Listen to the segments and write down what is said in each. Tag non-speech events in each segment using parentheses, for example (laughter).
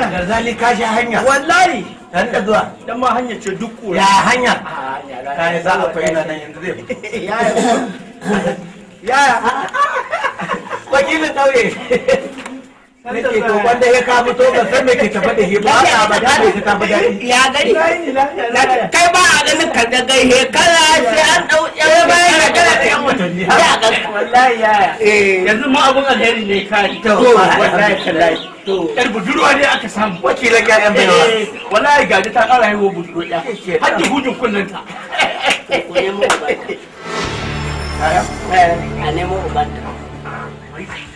malam garzali ka sha hanya wallahi dan da zuwa dan ma hanya ce duk kura ya hanya ah, ne za a fara nan yanzu zai (laughs) ya ya ya (laughs) wakilin dauye nake to wanda ya ka fito ba san me ke tafa da hiba ba ba da ka tafa da ya gari kai ba a ganin ka daga he kala sai an dau wallahi yaya eh. yanzu ma abun alheri ne kai to wallahi sallai to yar budurwa ne aka samu wakilan ƴaƴan baiwa eh, wallahi gaji ta ƙara haihuwa budurwa ɗaya har da hujin kunnen ta a nemo ubanta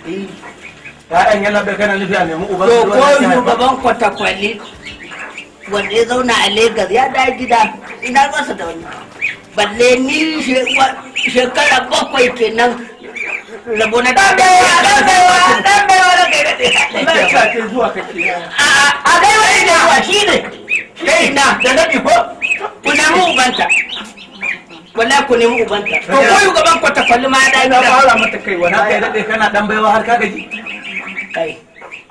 eh. ya'yan yana bai kana nufi a nemo ubanta to ko shugaban kwatakwali wanda ya zauna a Legas ya da gida ina masa da wani balle ni shekara bakwai kenan rabo na dan baiwa dan baiwa dan baiwa da kai da sai ka zuwa kake da da wala ku nemi ubanta to koyu gaban ku tafalli ma da ina fara mata kai wala kai da kana dan baiwa har ka gaji kai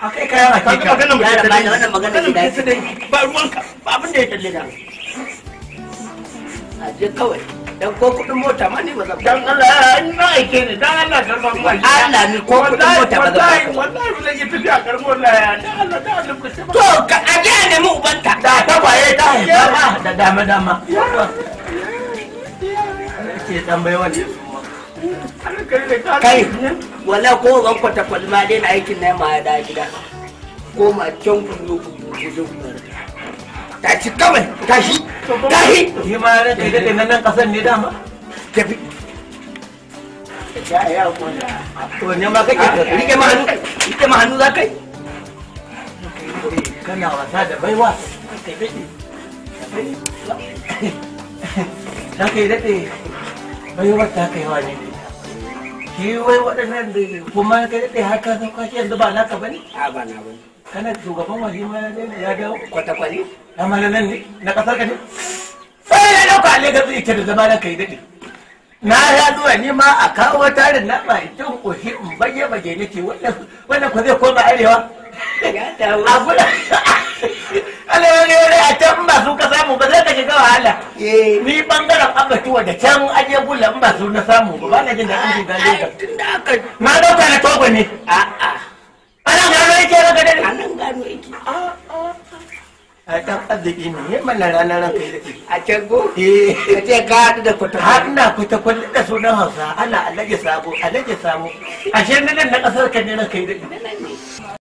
akai kai ana kai ka magana mu da wannan magana ba ruwanka ba abin da ya talle da a kawai dan ko kudin mota ma ni ba dan Allah ma aike ni dan Allah Allah ni ko kudin mota ba zan wallahi wallahi yi tafiya dan Allah da to ka aje ne mu ubanta da ta waye ta ba da dama dama ke dan bai wani kai wala ko zan ta kwalma dai aikin na ma da gida ko ma kyan kunyo kunyo kunyo tashi kawai tashi tashi shi ma ran da dade nan kasan ne dama tafi ko to ne ma kake rike ma hannu rike ma hannu za kai kana wasa da baiwa kai dade za kai dade ta kai wa ne shi wai waɗannan da kuma kai dade har ka shi yanzu ba naka bane a ba na kana shugaban wahima ya daina dawo kwatakwari na malalan ne na kasar ka ne sai ya dauka ale ga zai ke da zama na kai dade na ya zuwa ni ma a kawo tarin na ma idan kohi in bayyana bage nake wannan wannan ko zai koma arewa ya dawo abu da alwani wani a can ba su ka samu ba zai ka shiga wahala eh. ni bangaren abatuwa da can aje bula in su na samu ba na jin daɗin shiga lagos na dauka na togo ne arziki ne yi mana ranar a can go eh. ka ce ka haɗu da kwata har na kwata kwata da sunan hausa ana alaje sabo alaje nan na ƙasar ka ne ranka daɗi